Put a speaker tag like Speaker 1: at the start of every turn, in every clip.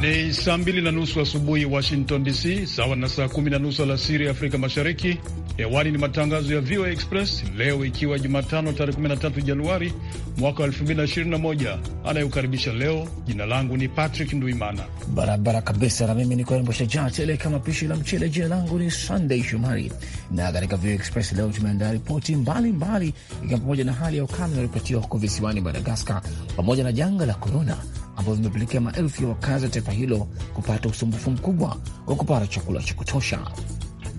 Speaker 1: Ni saa mbili na nusu asubuhi wa Washington DC, sawa na saa kumi na nusu alasiri Afrika Mashariki. Hewani ni matangazo ya VOA Express leo ikiwa Jumatano tarehe 13 Januari mwaka wa 2021. Anayeukaribisha leo, jina langu ni Patrick nduimana
Speaker 2: Barabara kabisa na mimi ni Kamboshaja tele kama pishi la mchele. Jina langu ni Sunday Shomari, na katika VOA Express leo tumeandaa ripoti mbalimbali, ikiwa pamoja na hali ya ukame waliopatiwa huko visiwani Madagaskar pamoja na janga la korona ambazo zimepelekea maelfu ya wakazi wa taifa hilo kupata usumbufu mkubwa wa kupata chakula cha kutosha.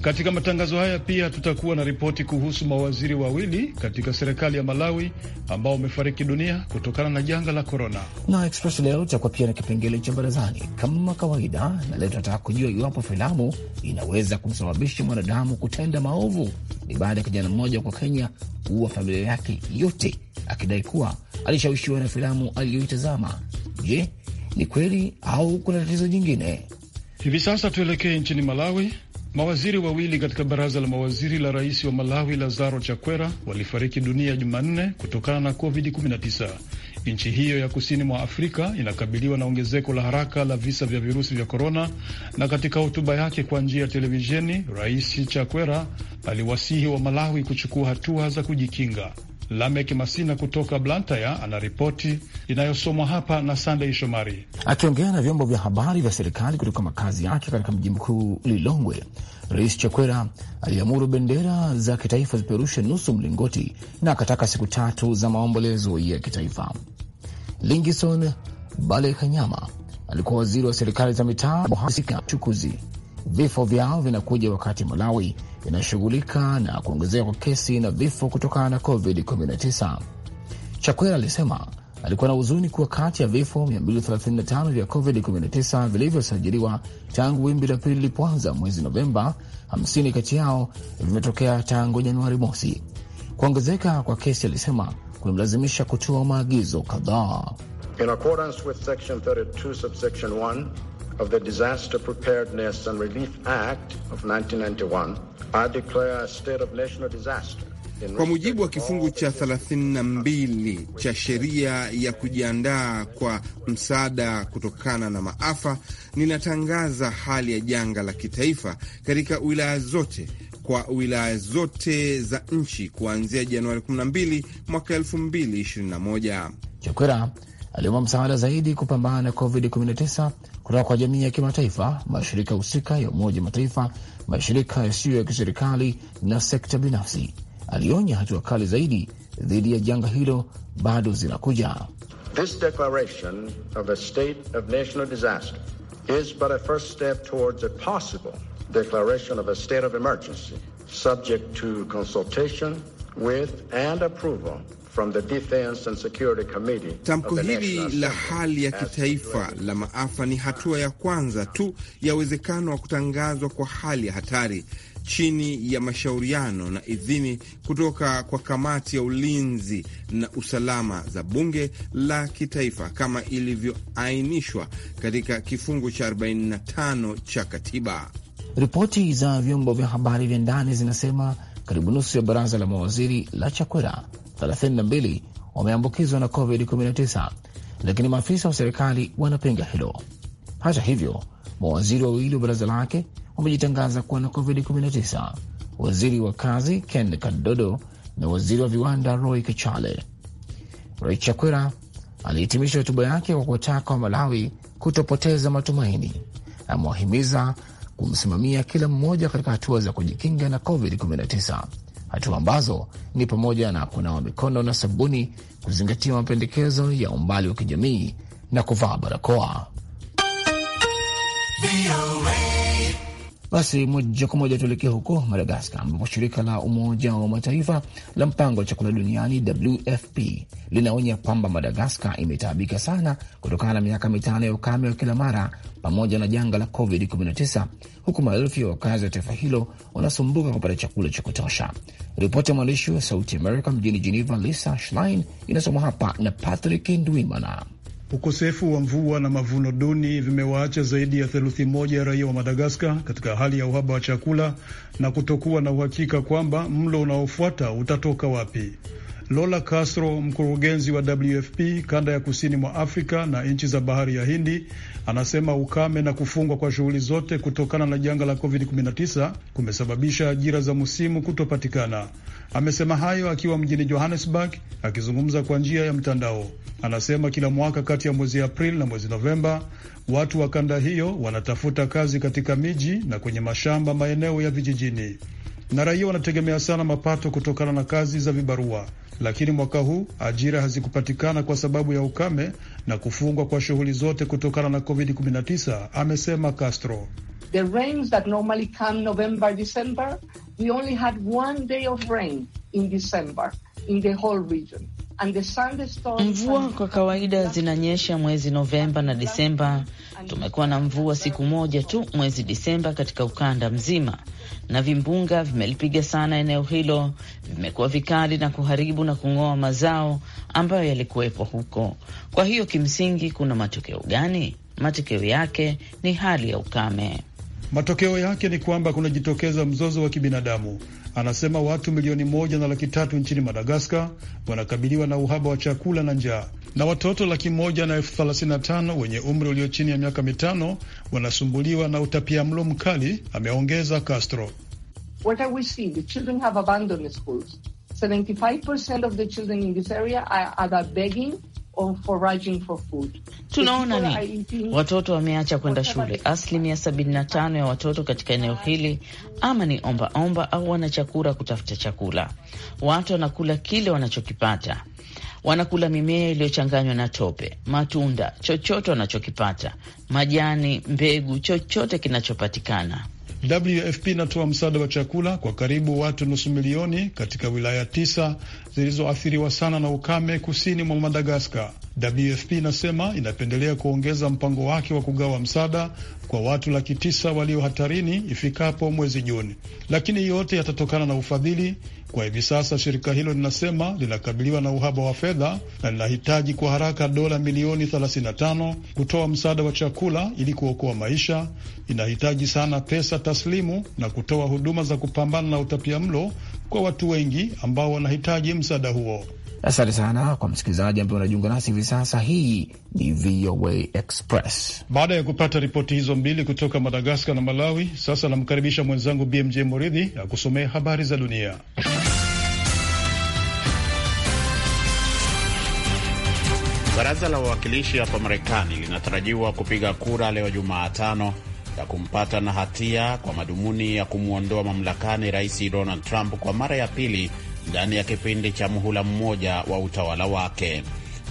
Speaker 1: Katika matangazo haya pia tutakuwa na ripoti kuhusu mawaziri wawili katika serikali ya Malawi ambao wamefariki dunia kutokana na janga la korona.
Speaker 2: Na Express leo itakuwa pia na kipengele cha barazani kama kawaida, na leo tunataka kujua iwapo filamu inaweza kumsababisha mwanadamu kutenda maovu. Ni baada ya kijana mmoja kwa Kenya kuua familia yake yote akidai kuwa alishawishiwa na filamu aliyoitazama Je, ni kweli au kuna tatizo jingine?
Speaker 1: Hivi sasa tuelekee nchini Malawi. Mawaziri wawili katika baraza la mawaziri la rais wa Malawi Lazaro Chakwera walifariki dunia Jumanne kutokana na COVID-19. Nchi hiyo ya kusini mwa Afrika inakabiliwa na ongezeko la haraka la visa vya virusi vya korona, na katika hotuba yake kwa njia ya televisheni, Rais Chakwera aliwasihi wa Malawi kuchukua hatua za kujikinga. Lamek Masina kutoka Blantaya anaripoti inayosomwa hapa na Sandey Shomari.
Speaker 2: Akiongea na vyombo vya habari vya serikali kutoka makazi yake katika mji mkuu Lilongwe, Rais Chakwera aliamuru bendera za kitaifa zipeperushe nusu mlingoti na akataka siku tatu za maombolezo ya kitaifa. Lingison Bale Kanyama alikuwa waziri wa serikali za mitaa, uchukuzi Vifo vyao vinakuja wakati Malawi inashughulika na kuongezeka kwa kesi na vifo kutokana na COVID-19. Chakwera alisema alikuwa na huzuni kuwa kati ya vifo 235 vya COVID-19 vilivyosajiliwa tangu wimbi la pili lilipoanza mwezi Novemba, 50 kati yao vimetokea tangu Januari mosi. Kuongezeka kwa kesi, alisema kumemlazimisha kutoa maagizo kadhaa.
Speaker 3: In accordance with section 32 subsection 1 of the Disaster Preparedness and Relief Act of 1991, I declare a state of national disaster. Kwa mujibu wa kifungu
Speaker 2: cha 32 cha sheria ya kujiandaa kwa msaada kutokana na maafa, ninatangaza hali ya janga la kitaifa katika wilaya zote kwa wilaya zote za nchi kuanzia Januari 12 mwaka 2021. Chakwera aliomba msaada zaidi kupambana na COVID-19 kutoka kwa jamii ya kimataifa, mashirika husika ya Umoja Mataifa, mashirika yasiyo ya kiserikali na sekta binafsi. Alionya hatua kali zaidi dhidi ya janga hilo bado zinakuja.
Speaker 3: This declaration of a state of national disaster is but a first step towards a possible declaration of a state of emergency subject to consultation with and approval Tamko hili
Speaker 2: la hali ya kitaifa la maafa ni hatua ya kwanza tu ya uwezekano wa kutangazwa kwa hali ya hatari chini ya mashauriano na idhini kutoka kwa kamati ya ulinzi na usalama za bunge la kitaifa kama ilivyoainishwa katika kifungu cha 45 cha katiba. Ripoti za vyombo vya habari vya ndani zinasema karibu nusu ya baraza la mawaziri la Chakwera 32 wameambukizwa na COVID-19, lakini maafisa wa serikali wanapinga hilo. Hata hivyo, mawaziri wawili wa baraza lake wamejitangaza kuwa na COVID-19, waziri wa kazi Ken Kadodo na waziri wa viwanda Roy Kachale. Roy Chakwera alihitimisha hotuba yake kwa kuwataka wa Malawi kutopoteza matumaini. Amewahimiza kumsimamia kila mmoja katika hatua za kujikinga na COVID-19 hatua ambazo ni pamoja na kunawa mikono na sabuni, kuzingatia mapendekezo ya umbali wa kijamii na kuvaa barakoa. Basi moja kwa moja tuelekea huko Madagaskar, ambapo shirika la Umoja wa Mataifa la mpango wa chakula duniani WFP linaonya kwamba Madagaskar imetaabika sana kutokana na miaka mitano ya ukame wa kila mara pamoja na janga la COVID-19, huku maelfu ya wakazi wa taifa hilo wanasumbuka kupata chakula cha kutosha. Ripoti ya mwandishi wa Sauti america mjini Geneva, Lisa Schlein, inasomwa hapa na Patrick Ndwimana.
Speaker 1: Ukosefu wa mvua na mavuno duni vimewaacha zaidi ya theluthi moja ya raia wa Madagaskar katika hali ya uhaba wa chakula na kutokuwa na uhakika kwamba mlo unaofuata utatoka wapi. Lola Castro, mkurugenzi wa WFP kanda ya kusini mwa Afrika na nchi za bahari ya Hindi, anasema ukame na kufungwa kwa shughuli zote kutokana na janga la COVID-19 kumesababisha ajira za msimu kutopatikana. Amesema hayo akiwa mjini Johannesburg akizungumza kwa njia ya mtandao. Anasema kila mwaka kati ya mwezi Aprili na mwezi Novemba watu wa kanda hiyo wanatafuta kazi katika miji na kwenye mashamba maeneo ya vijijini, na raia wanategemea sana mapato kutokana na kazi za vibarua lakini mwaka huu ajira hazikupatikana kwa sababu ya ukame na kufungwa kwa shughuli zote kutokana na COVID-19, amesema Castro.
Speaker 4: The rains that normally come November, December, we only had one day of rain in December in the whole region. Mvua
Speaker 5: kwa kawaida zinanyesha mwezi Novemba na Disemba. Tumekuwa na mvua siku moja tu mwezi Disemba katika ukanda mzima, na vimbunga vimelipiga sana eneo hilo, vimekuwa vikali na kuharibu na kung'oa mazao ambayo yalikuwepo huko. Kwa hiyo kimsingi, kuna matokeo gani? Matokeo yake ni hali ya ukame.
Speaker 1: Matokeo yake ni kwamba kunajitokeza mzozo wa kibinadamu, anasema. Watu milioni moja na laki tatu nchini Madagaskar wanakabiliwa na uhaba wa chakula na njaa, na watoto laki moja na elfu thelathini na tano wenye umri ulio chini ya miaka mitano wanasumbuliwa na utapia mlo mkali, ameongeza Castro.
Speaker 4: What Tunaona ni
Speaker 5: watoto wameacha kwenda shule. Asilimia 75 ya watoto katika eneo hili ama ni omba omba, au wanachakura kutafuta chakula. Watu wanakula kile wanachokipata, wanakula mimea iliyochanganywa na tope, matunda, chochote wanachokipata, majani, mbegu, chochote kinachopatikana.
Speaker 1: WFP inatoa msaada wa chakula kwa karibu watu nusu milioni katika wilaya tisa zilizoathiriwa sana na ukame kusini mwa Madagaskar. WFP inasema inapendelea kuongeza mpango wake wa kugawa msaada kwa watu laki tisa walio hatarini ifikapo mwezi Juni, lakini yote yatatokana na ufadhili kwa hivi sasa shirika hilo linasema linakabiliwa na uhaba wa fedha na linahitaji kwa haraka dola milioni 35 kutoa msaada wa chakula ili kuokoa maisha. Inahitaji sana pesa taslimu na kutoa huduma za kupambana na utapia mlo kwa watu wengi ambao wanahitaji msaada huo. Asante sana kwa msikilizaji ambaye unajiunga nasi hivi sasa. Hii ni VOA Express. Baada ya kupata ripoti hizo mbili kutoka Madagaskar na Malawi, sasa namkaribisha mwenzangu BMJ Moridhi akusomee habari za dunia.
Speaker 3: Baraza la wawakilishi hapa Marekani linatarajiwa kupiga kura leo Jumatano ya kumpata na hatia kwa madhumuni ya kumwondoa mamlakani Rais Donald Trump kwa mara ya pili ndani ya kipindi cha muhula mmoja wa utawala wake,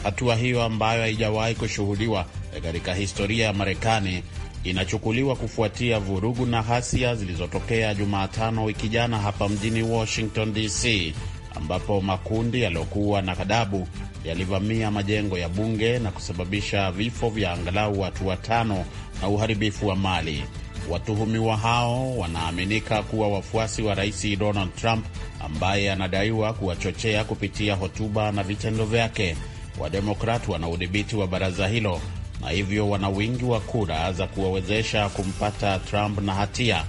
Speaker 3: hatua hiyo ambayo haijawahi kushuhudiwa katika historia ya Marekani inachukuliwa kufuatia vurugu na ghasia zilizotokea Jumatano wiki jana hapa mjini Washington DC, ambapo makundi yaliyokuwa na kadabu yalivamia majengo ya bunge na kusababisha vifo vya angalau watu watano na uharibifu wa mali. Watuhumiwa hao wanaaminika kuwa wafuasi wa Rais Donald Trump ambaye anadaiwa kuwachochea kupitia hotuba na vitendo vyake. Wademokrat wana udhibiti wa baraza hilo na hivyo wana wingi wa kura za kuwawezesha kumpata Trump na hatia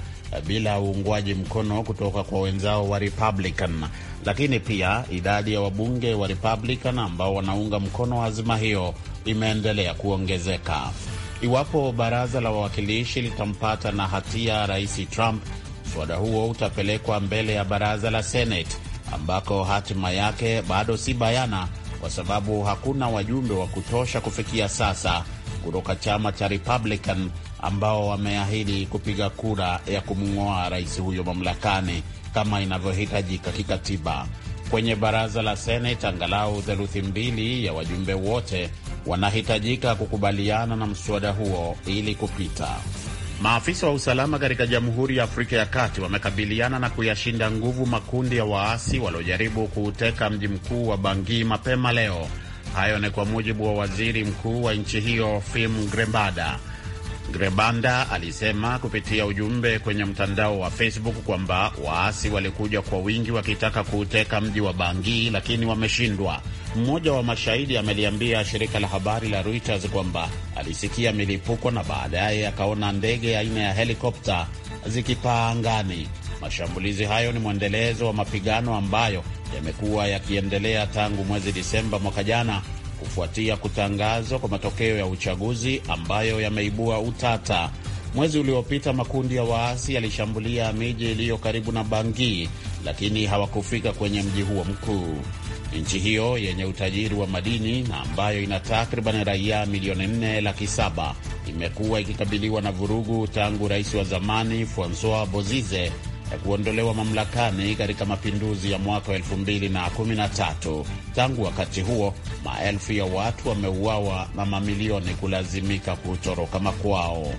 Speaker 3: bila uungwaji mkono kutoka kwa wenzao wa Republican. Lakini pia idadi ya wabunge wa Republican ambao wanaunga mkono azima hiyo imeendelea kuongezeka. Iwapo baraza la wawakilishi litampata na hatia Rais Trump, mswada huo utapelekwa mbele ya baraza la Senate ambako hatima yake bado si bayana kwa sababu hakuna wajumbe wa kutosha kufikia sasa kutoka chama cha Republican ambao wameahidi kupiga kura ya kumng'oa rais huyo mamlakani kama inavyohitajika kikatiba. Kwenye baraza la Senate, angalau theluthi mbili ya wajumbe wote wanahitajika kukubaliana na mswada huo ili kupita. Maafisa wa usalama katika Jamhuri ya Afrika ya Kati wamekabiliana na kuyashinda nguvu makundi ya waasi waliojaribu kuuteka mji mkuu wa Bangui mapema leo. Hayo ni kwa mujibu wa waziri mkuu wa nchi hiyo Fim Grembada. Grebanda alisema kupitia ujumbe kwenye mtandao wa Facebook kwamba waasi walikuja kwa wingi wakitaka kuuteka mji wa Bangui, lakini wameshindwa. Mmoja wa mashahidi ameliambia shirika la habari la Reuters kwamba alisikia milipuko na baadaye akaona ndege aina ya helikopta zikipaa angani. Mashambulizi hayo ni mwendelezo wa mapigano ambayo yamekuwa yakiendelea tangu mwezi Disemba mwaka jana kufuatia kutangazwa kwa matokeo ya uchaguzi ambayo yameibua utata. Mwezi uliopita makundi ya waasi yalishambulia miji iliyo karibu na Bangui lakini hawakufika kwenye mji huo mkuu. Nchi hiyo yenye utajiri wa madini na ambayo ina takriban raia milioni nne laki saba imekuwa ikikabiliwa na vurugu tangu rais wa zamani Francois Bozize ya kuondolewa mamlakani katika mapinduzi ya mwaka wa Tangu wakati huo, maelfu ya watu wameuawa na mamilioni kulazimika kutoroka makwao.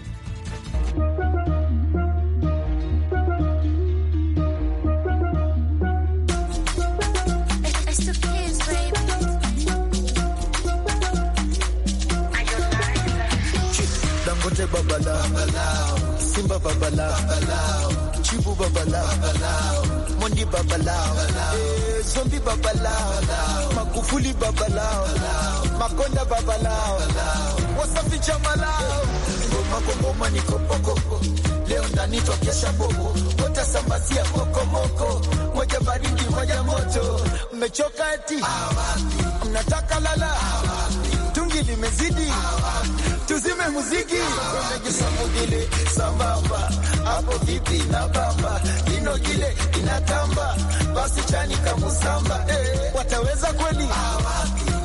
Speaker 6: babala Simba babala Chibu babala Mondi babala Zombi babala makufuli babala Makonda babala Wasafi jamalao ngoma ni kopokoko leo ndani twakesha bobo wota sambazia mokomoko moja baridi moja moto mmechoka eti mnataka lala tungi limezidi tuzime muziki kisambugile sambamba hapo vipi na bamba ino gile inatamba basi chani kamusamba eh. Wataweza kweli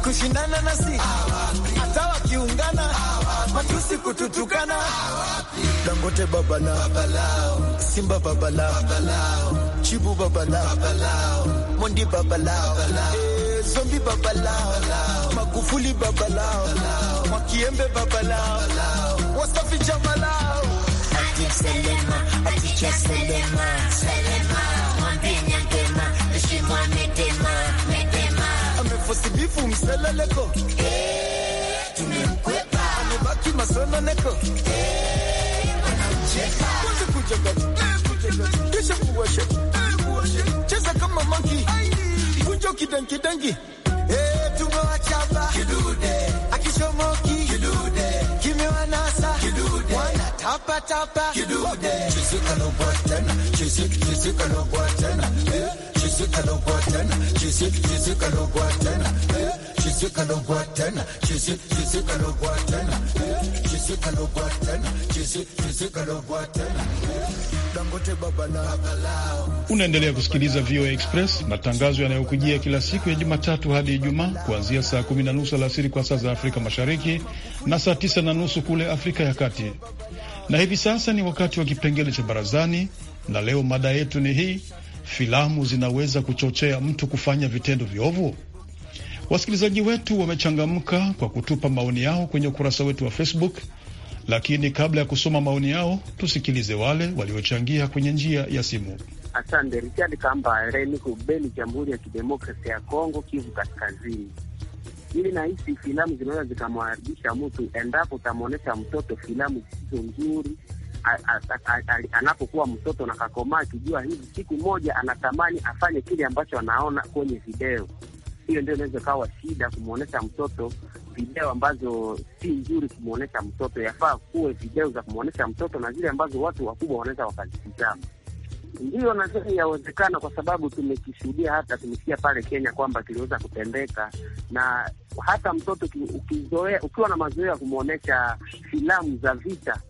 Speaker 6: kushindana nasi hata wakiungana matusi kututukana Dangote babala babalao Simba babala babalao Chibu babala babalao Mondi babala babalao eh. Zombi babalao, Magufuli babalao, Mwakiembe babalao, Wasafi jamalao, Najib Selema, Aticha Selema, Selema, mwambie Nyangema, heshima Medema, Medema, amefosibifu mseleleko, eh, tumemkwepa, amebaki masononeko, eh, wanamcheka, kwanza kujaga, eh, kujaga, kisha kuwasha, eh, kuwasha, cheza kama monkey hicho kitenki tenki eh, tumbo kidude akichomoki kidude kimewanasa kidude wana tapa tapa kidude chisika no button chisik chisika no button eh chisika no button chisik chisika no button eh
Speaker 1: Unaendelea kusikiliza VOA Express, matangazo yanayokujia kila siku ya Jumatatu hadi Ijumaa kuanzia saa kumi na nusu alasiri kwa saa za Afrika Mashariki na saa tisa na nusu kule Afrika ya Kati. Na hivi sasa ni wakati wa kipengele cha Barazani, na leo mada yetu ni hii: filamu zinaweza kuchochea mtu kufanya vitendo viovu? Wasikilizaji wetu wamechangamka kwa kutupa maoni yao kwenye ukurasa wetu wa Facebook, lakini kabla ya kusoma maoni yao, tusikilize wale waliochangia kwenye njia ya simu.
Speaker 4: Asante Richard Kamba Reniku Beni, Jamhuri ya Kidemokrasia ya Kongo, Kivu Kaskazini. Ili nahisi filamu zinaweza zikamharibisha mtu endapo utamwonyesha mtoto filamu zisizo nzuri anapokuwa mtoto na kakomaa, akijua hivi siku moja anatamani afanye kile ambacho anaona kwenye video hiyo ndio inaweza kawa shida kumwonyesha mtoto video ambazo si nzuri kumwonyesha mtoto. Yafaa kuwe video za kumwonyesha mtoto na zile ambazo watu wakubwa wanaweza wakazitizama. Ndiyo nadhani yawezekana, kwa sababu tumekishuhudia, hata tumesikia pale Kenya kwamba kiliweza kutendeka, na hata mtoto ukizoea, ukiwa na mazoea ya kumwonyesha filamu za vita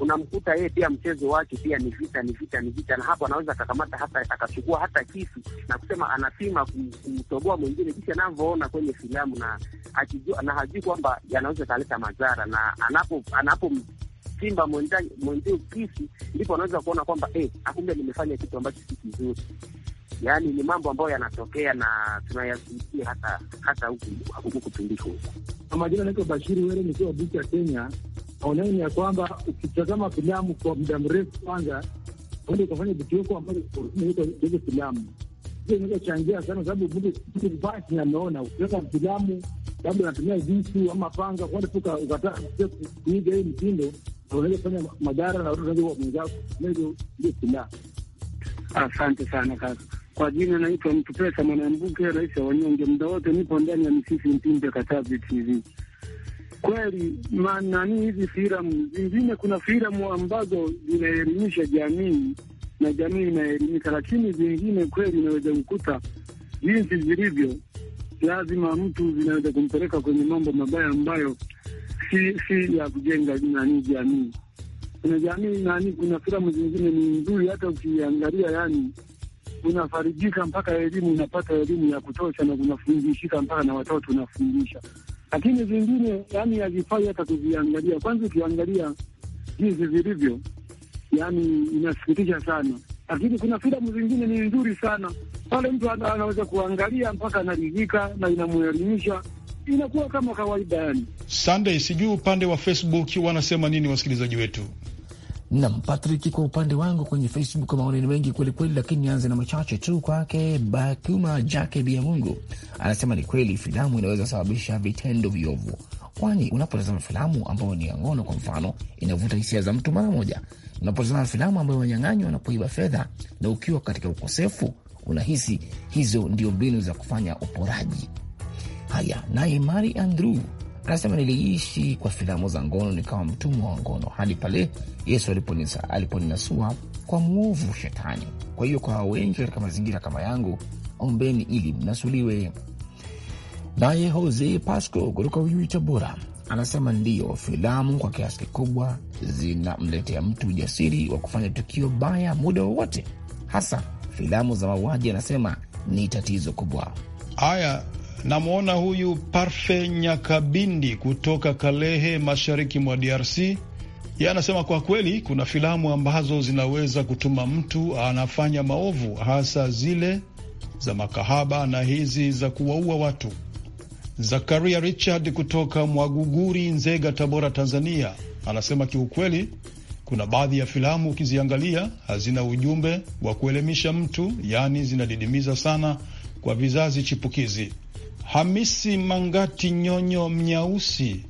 Speaker 4: unamkuta yeye pia mchezo wake pia ni vita, ni vita, ni vita, na hapo anaweza akakamata hata akachukua hata kisu na kusema anapima kumtoboa mwingine jinsi anavyoona kwenye filamu, na akijua na hajui kwamba yanaweza kaleta madhara, na anapo anapo simba mwenzio kisi, ndipo anaweza kuona kwamba eh, akumbe nimefanya kitu ambacho si kizuri. Yaani ni mambo ambayo yanatokea na tunayasikia hata hata huku huku Kwa majina naitwa Bashiri Were, nikiwa Bucha, Kenya maoneo ni ya kwamba ukitazama filamu kwa muda mrefu, kwanza uende ukafanya vitu huko ambazo hizo filamu hiyo inaweza changia sana, sababu mtu basi ameona ukiweka filamu labda unatumia visu ama panga, kwenda tu ukataa kuiga hii mtindo, unaweza kufanya madhara na watu wanaeza mwenzako, ndio silaha. Asante sana kaka. Kwa jina naitwa Mtu Pesa Mwanambuke, rais wa wanyonge. Muda wote nipo ndani ya Misisi Mpimbe, Katavi TV kweli nani, hizi filamu zingine, kuna filamu ambazo zinaelimisha jamii na jamii inaelimika, lakini zingine kweli inaweza kukuta jinsi zilivyo, lazima mtu zinaweza kumpeleka kwenye mambo mabaya ambayo si si ya kujenga nani jamii. Kuna jamii nani, kuna filamu zingine ni nzuri, hata ukiangalia yani unafarijika mpaka elimu, unapata elimu ya kutosha na unafundishika mpaka na watoto unafundisha lakini zingine yani hazifai hata kuziangalia. Kwanza ukiangalia jinsi zilivyo, yani inasikitisha sana, lakini kuna filamu zingine ni nzuri sana pale mtu anaweza kuangalia mpaka anaridhika na inamuelimisha inakuwa kama kawaida yani.
Speaker 1: Sunday, sijui upande wa Facebook wanasema nini wasikilizaji wetu na Patrick, kwa
Speaker 2: upande wangu kwenye Facebook maoni ni mengi kwelikweli, lakini nianze na machache tu. Kwake Bakuma Jake Bia Mungu anasema ni kweli filamu inaweza kusababisha vitendo viovu, kwani unapotazama filamu ambayo ni ya ngono kwa mfano, inavuta hisia za mtu mara moja. Unapotazama filamu ambayo wanyang'anyi wanapoiba fedha, na ukiwa katika ukosefu unahisi hizo ndio mbinu za kufanya uporaji. Haya, naye Mari Andrew Anasema niliishi kwa filamu za ngono, nikawa mtumwa wa ngono hadi pale Yesu aliponinasua kwa mwovu Shetani. Kwa hiyo kwa wengi katika mazingira kama yangu, ombeni ili mnasuliwe. Naye Jose Pasco kutoka Uyui, Tabora, anasema ndiyo, filamu kwa kiasi kikubwa zinamletea mtu ujasiri wa kufanya tukio baya muda wowote, hasa filamu za mauaji, anasema ni tatizo kubwa.
Speaker 1: Haya Namwona huyu Parfe Nyakabindi kutoka Kalehe, mashariki mwa DRC. Yeye anasema kwa kweli kuna filamu ambazo zinaweza kutuma mtu anafanya maovu, hasa zile za makahaba na hizi za kuwaua watu. Zakaria Richard kutoka Mwaguguri, Nzega, Tabora, Tanzania, anasema kiukweli, kuna baadhi ya filamu ukiziangalia hazina ujumbe wa kuelimisha mtu, yaani zinadidimiza sana kwa vizazi chipukizi. Hamisi Mangati Nyonyo Mnyausi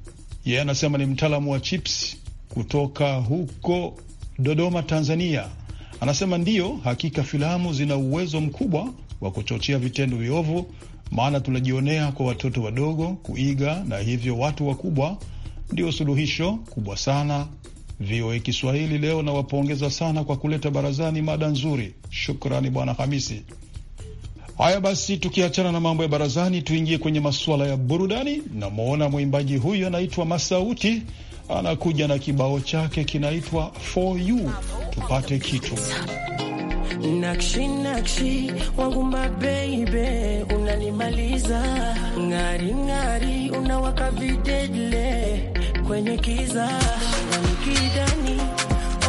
Speaker 1: yeye anasema ni mtaalamu wa chips kutoka huko Dodoma, Tanzania. Anasema ndiyo, hakika filamu zina uwezo mkubwa wa kuchochea vitendo viovu, maana tunajionea kwa watoto wadogo kuiga, na hivyo watu wakubwa ndio suluhisho kubwa sana. VOA Kiswahili leo nawapongeza sana kwa kuleta barazani mada nzuri. Shukrani Bwana Hamisi. Haya basi, tukiachana na mambo ya barazani, tuingie kwenye masuala ya burudani. Namwona mwimbaji huyu anaitwa Masauti, anakuja na kibao chake kinaitwa For You, tupate kitu
Speaker 5: Nakshi nakshi wangumba baby, unanimaliza ng'ari ng'ari, unawaka videle kwenye kiza wanikidani,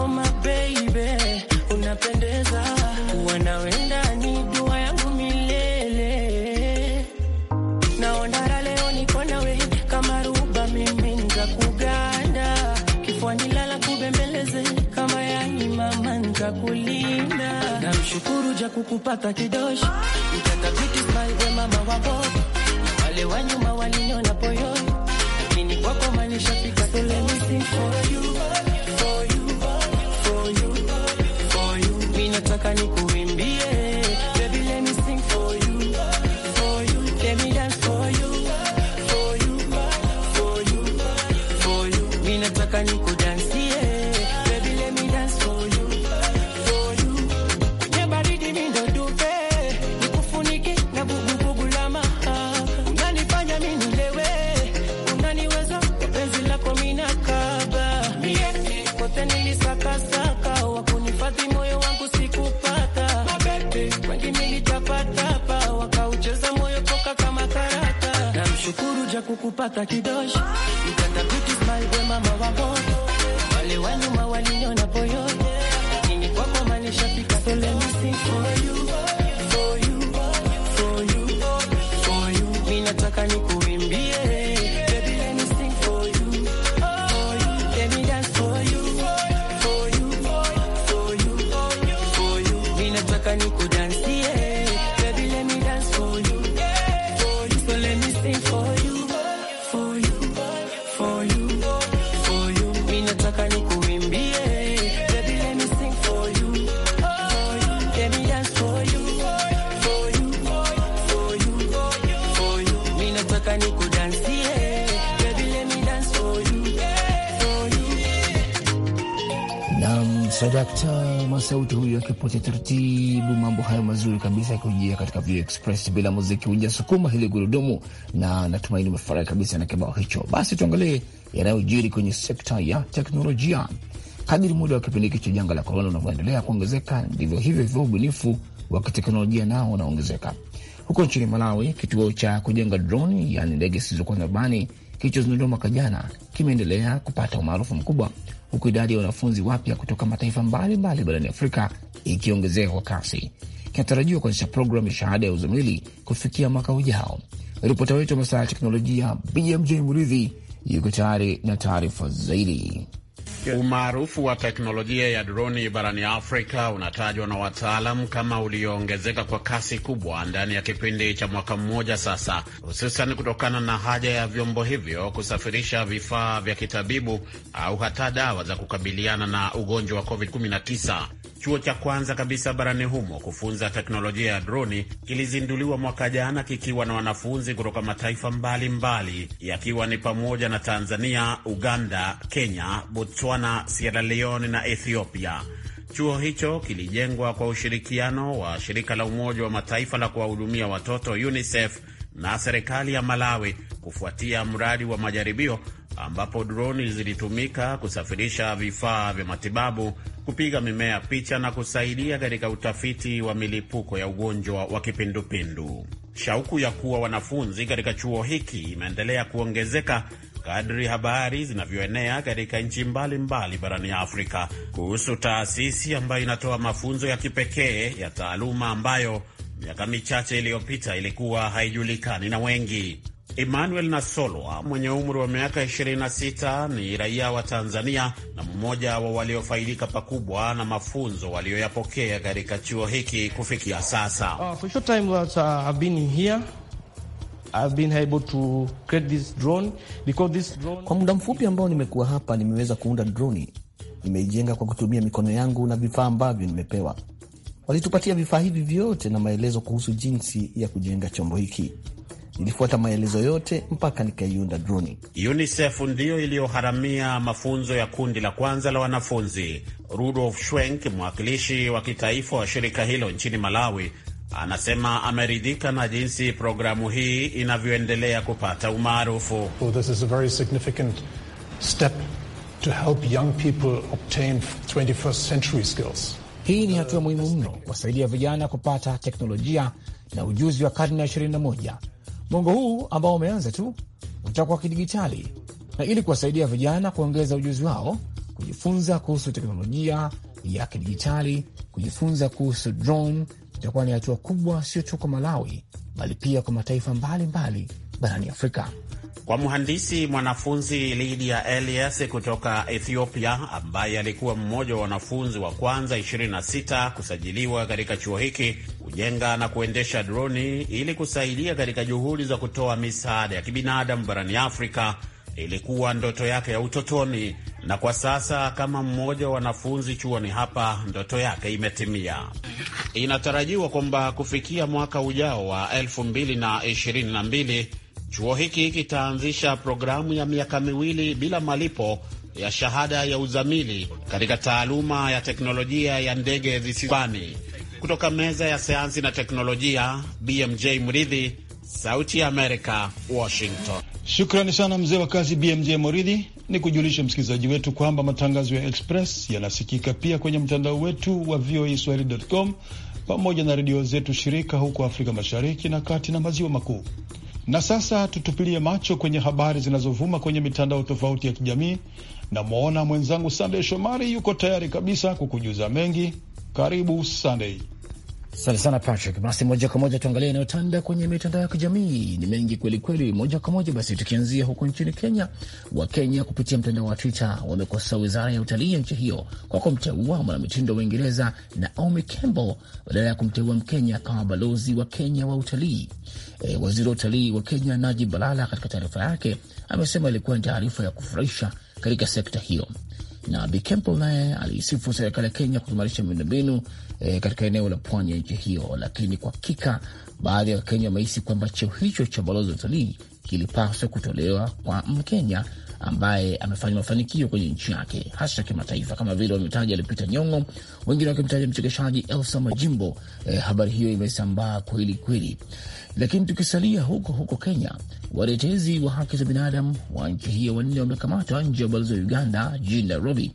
Speaker 5: oma oh baby, unapendeza wanawendani kukupata kidosho, utatafiti smile mama wabovu, wale wanyuma waliniona poyoni, lakini kwako manisha pika toleni
Speaker 2: Sadakta masauti huyo akipotea taratibu. Mambo hayo mazuri kabisa yakijia katika Vio Express, bila muziki hujasukuma hili gurudumu, na natumaini umefurahi kabisa na kibao hicho. Basi tuangalie yanayojiri kwenye sekta ya teknolojia. Kadiri muda wa kipindi hiki cha janga la korona unavyoendelea kuongezeka, ndivyo hivyo hivyo ubunifu wa kiteknolojia nao unaongezeka. Huko nchini Malawi, kituo cha kujenga droni, yaani ndege zisizokuwa na rubani, kilichozinduliwa mwaka jana, kimeendelea kupata umaarufu mkubwa huku idadi ya wanafunzi wapya kutoka mataifa mbalimbali barani Afrika ikiongezeka kwa kasi. Kinatarajiwa kuanzisha programu ya shahada ya uzamili kufikia mwaka ujao. Ripota wetu wa masuala ya teknolojia BMJ Muridhi yuko tayari na taarifa zaidi.
Speaker 3: Umaarufu wa teknolojia ya droni barani Afrika unatajwa na wataalam kama ulioongezeka kwa kasi kubwa ndani ya kipindi cha mwaka mmoja sasa, hususan kutokana na haja ya vyombo hivyo kusafirisha vifaa vya kitabibu au hata dawa za kukabiliana na ugonjwa wa COVID-19. Chuo cha kwanza kabisa barani humo kufunza teknolojia ya droni kilizinduliwa mwaka jana kikiwa na wanafunzi kutoka mataifa mbalimbali yakiwa ni pamoja na Tanzania, Uganda, Kenya, Botswana, Sierra Leone na Ethiopia. Chuo hicho kilijengwa kwa ushirikiano wa shirika la Umoja wa Mataifa la kuwahudumia watoto UNICEF na serikali ya Malawi kufuatia mradi wa majaribio ambapo droni zilitumika kusafirisha vifaa vya matibabu, kupiga mimea picha na kusaidia katika utafiti wa milipuko ya ugonjwa wa kipindupindu. Shauku ya kuwa wanafunzi katika chuo hiki imeendelea kuongezeka kadri habari zinavyoenea katika nchi mbalimbali barani Afrika kuhusu taasisi ambayo inatoa mafunzo ya kipekee ya taaluma ambayo miaka michache iliyopita ilikuwa haijulikani na wengi. Emmanuel Nasolwa mwenye umri wa miaka 26 ni raia wa Tanzania na mmoja wa waliofaidika pakubwa na mafunzo walioyapokea katika chuo hiki kufikia sasa.
Speaker 1: uh, uh
Speaker 2: Kwa muda mfupi ambao nimekuwa hapa nimeweza kuunda droni. Nimeijenga kwa kutumia mikono yangu na vifaa ambavyo nimepewa. Walitupatia vifaa hivi vyote na maelezo kuhusu jinsi ya kujenga chombo hiki. Nilifuata maelezo yote mpaka nikaiunda droni.
Speaker 3: UNICEF ndiyo iliyoharamia mafunzo ya kundi la kwanza la wanafunzi. Rudolf Schwenk, mwakilishi wa kitaifa wa shirika hilo nchini Malawi, anasema ameridhika na jinsi programu hii inavyoendelea kupata umaarufu.
Speaker 1: Well,
Speaker 2: Hii ni hatua muhimu mno kuwasaidia vijana kupata teknolojia na ujuzi wa karne ya 21 Mwongo huu ambao umeanza tu utakuwa kidigitali, na ili kuwasaidia vijana kuongeza ujuzi wao, kujifunza kuhusu teknolojia ya kidigitali, kujifunza kuhusu drone, itakuwa ni hatua kubwa, sio tu kwa Malawi bali pia kwa mataifa mbalimbali barani Afrika.
Speaker 3: Kwa mhandisi mwanafunzi Lydia Elias kutoka Ethiopia, ambaye alikuwa mmoja wa wanafunzi wa kwanza 26 kusajiliwa katika chuo hiki kujenga na kuendesha droni ili kusaidia katika juhudi za kutoa misaada ya kibinadamu barani Afrika ilikuwa ndoto yake ya utotoni, na kwa sasa kama mmoja wa wanafunzi chuoni hapa, ndoto yake imetimia. Inatarajiwa kwamba kufikia mwaka ujao wa 2022 chuo hiki kitaanzisha programu ya miaka miwili bila malipo ya shahada ya uzamili katika taaluma ya teknolojia ya ndege zisizobani kutoka meza ya sayansi na teknolojia, BMJ Mridhi, Sauti ya Amerika, Washington.
Speaker 1: Shukrani sana mzee wa kazi BMJ Moridhi. Ni kujulisha msikilizaji wetu kwamba matangazo ya Express yanasikika pia kwenye mtandao wetu wa VOA Swahili.com pamoja na redio zetu shirika huko Afrika Mashariki na kati na maziwa makuu. Na sasa tutupilie macho kwenye habari zinazovuma kwenye mitandao tofauti ya kijamii. Namwona mwenzangu Sandey Shomari yuko tayari kabisa kukujuza mengi. Karibu Sandey.
Speaker 2: Asante sana Patrick. Basi moja kwa moja tuangalie inayotanda kwenye mitandao ya kijamii. Ni mengi kweli kweli. Moja kwa moja basi tukianzia huko nchini Kenya, Wakenya kupitia mtandao wa Twitter wamekosoa wizara ya utalii ya nchi hiyo kwa kumteua mwanamitindo wa Uingereza Naomi Campbell badala ya kumteua Mkenya kama balozi wa Kenya wa utalii. E, waziri wa utalii wa Kenya Najib Balala katika taarifa yake amesema ilikuwa ni taarifa ya kufurahisha katika sekta hiyo na Bi Campbell naye aliisifu serikali ya Kenya kwa kuimarisha miundombinu e, katika eneo la pwani ya nchi hiyo. Lakini kwa hakika baadhi ya Wakenya wamehisi kwamba cheo hicho cha balozi wa utalii kilipaswa kutolewa kwa Mkenya ambaye amefanya mafanikio kwenye nchi yake hasa kimataifa, kama vile wametaja alipita Nyong'o, wengine wakimtaja mchekeshaji Elsa Majimbo. Eh, habari hiyo imesambaa kweli kweli. Lakini tukisalia huko huko Kenya, watetezi wa haki za binadamu wa nchi hiyo wanne wamekamatwa nje ya ubalozi wa Uganda jijini Nairobi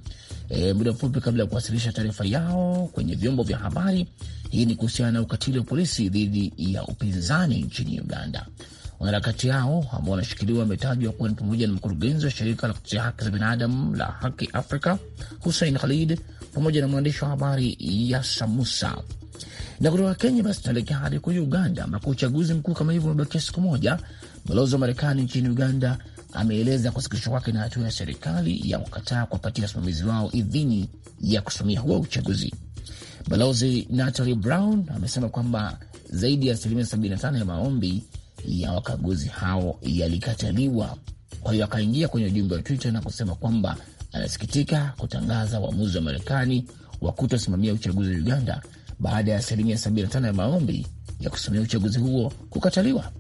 Speaker 2: e, muda mfupi kabla ya kuwasilisha taarifa yao kwenye vyombo vya habari. Hii ni kuhusiana na ukatili wa polisi dhidi ya upinzani nchini Uganda. Wanaharakati hao ambao wanashikiliwa wametajwa kuwa ni pamoja na mkurugenzi wa shirika la kutetea haki za binadamu la Haki africa Hussein Khalid pamoja na mwandishi wa habari Yasa Musa. Na kutoka Kenya basi tunaelekea hadi kule Uganda, ambako uchaguzi mkuu kama hivyo umebakia siku moja. Balozi wa Marekani nchini Uganda ameeleza kusikitishwa kwake na hatua ya serikali ya kukataa kuwapatia wasimamizi wao idhini ya kusimamia huo uchaguzi. Balozi Natalie Brown amesema kwamba zaidi ya asilimia 75 ya maombi ya wakaguzi hao yalikataliwa. Kwa hiyo akaingia kwenye ujumbe wa Twitter na kusema kwamba anasikitika kutangaza uamuzi wa Marekani wa kutosimamia uchaguzi wa Uganda baada ya asilimia 75 ya maombi ya kusimamia uchaguzi huo kukataliwa.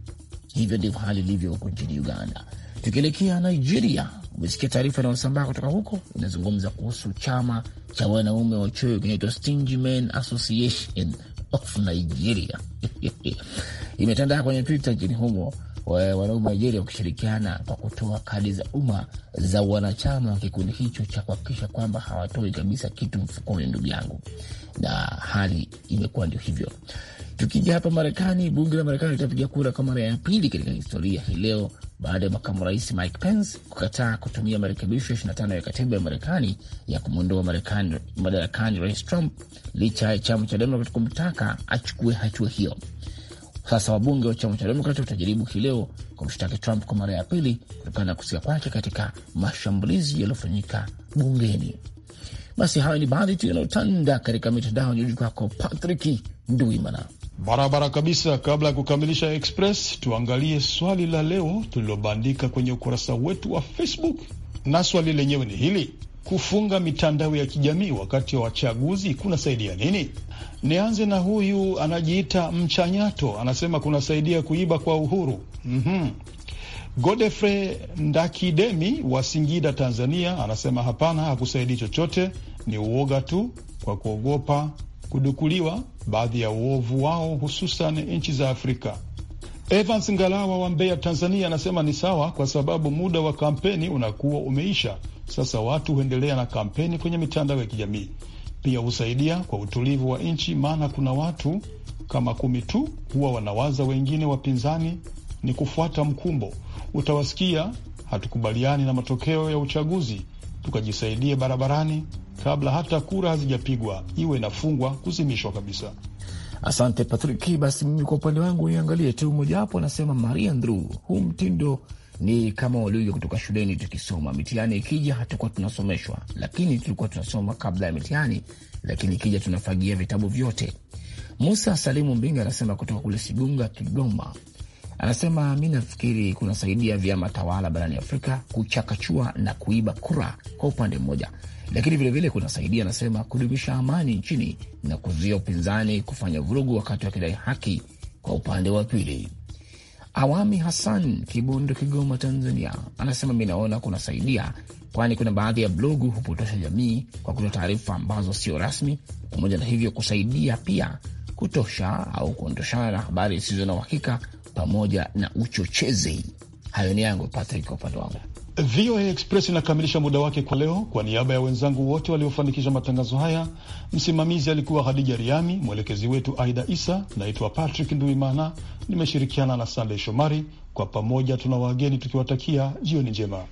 Speaker 2: Hivyo ndivyo hali ilivyo huko nchini Uganda. Tukielekea Nigeria, umesikia taarifa inayosambaa kutoka huko, inazungumza kuhusu chama cha wanaume wachoyo kinaitwa Stingymen Association of Nigeria imetandaa kwenye Twitter nchini humo wanaume wa Nigeria wakishirikiana kwa kutoa kadi za umma za wanachama wa kikundi hicho cha kuhakikisha kwamba hawatoi kabisa kitu mfukoni, ndugu yangu, na hali imekuwa ndio hivyo. Tukija hapa Marekani, bunge la Marekani litapiga kura kwa mara ya pili katika historia hii leo baada ya makamu rais Mike Pence kukataa kutumia marekebisho 25 ya katiba ya Marekani ya kumwondoa madarakani rais Trump licha ya chama cha Demokrat kumtaka achukue hatua hiyo. Sasa wabunge wa chama cha Demokrati watajaribu hii leo kumshtaki Trump kwa mara ya pili kutokana na kusika kwake katika mashambulizi yaliyofanyika bungeni. Basi hayo ni baadhi tu yanayotanda katika mitandao Nyuji kwako Patrick Nduimana.
Speaker 1: Barabara kabisa. Kabla ya kukamilisha Express, tuangalie swali la leo tulilobandika kwenye ukurasa wetu wa Facebook, na swali lenyewe ni hili: kufunga mitandao ya kijamii wakati wa wachaguzi kunasaidia nini? Nianze na huyu anajiita Mchanyato, anasema kunasaidia kuiba kwa uhuru. mm -hmm. Godefrey Ndakidemi wa Singida, Tanzania, anasema hapana, hakusaidii chochote, ni uoga tu kwa kuogopa kudukuliwa baadhi ya uovu wao, hususan nchi za Afrika. Evans Ngalawa wa Mbeya, Tanzania, anasema ni sawa, kwa sababu muda wa kampeni unakuwa umeisha sasa watu huendelea na kampeni kwenye mitandao ya kijamii, pia husaidia kwa utulivu wa nchi, maana kuna watu kama kumi tu huwa wanawaza wengine. Wapinzani ni kufuata mkumbo, utawasikia hatukubaliani na matokeo ya uchaguzi, tukajisaidie barabarani kabla hata kura hazijapigwa, iwe inafungwa kuzimishwa kabisa. Asante Patriki. Basi mimi kwa upande wangu niangalie tu
Speaker 2: mojawapo, anasema Maria Ndru, huu mtindo ni kama walivyo kutoka shuleni, tukisoma mitihani ikija, hatukuwa tunasomeshwa, lakini tulikuwa tunasoma kabla ya mitihani, lakini ikija tunafagia vitabu vyote. Musa Salimu Mbinga anasema kutoka kule Sigunga, Kigoma, anasema mi nafikiri kunasaidia vyama tawala barani Afrika kuchakachua na kuiba kura kwa upande mmoja, lakini vilevile kunasaidia, anasema kudumisha amani nchini na kuzuia upinzani kufanya vurugu wakati wa kidai haki kwa upande wa pili. Awami Hassan kibundo Kigoma, Tanzania, anasema mi naona kunasaidia, kwani kuna baadhi ya blogu hupotosha jamii kwa kutoa taarifa ambazo sio rasmi, pamoja na hivyo kusaidia pia kutosha au kuondoshana na habari zisizo na uhakika pamoja na uchochezi. Hayo ni yangu Patrick, kwa upande wangu.
Speaker 1: VOA Express inakamilisha muda wake kwa leo. Kwa niaba ya wenzangu wote waliofanikisha matangazo haya, msimamizi alikuwa Hadija Riami, mwelekezi wetu Aida Isa. Naitwa Patrick Nduimana, nimeshirikiana na Sandey Shomari. Kwa pamoja tuna wageni tukiwatakia jioni njema.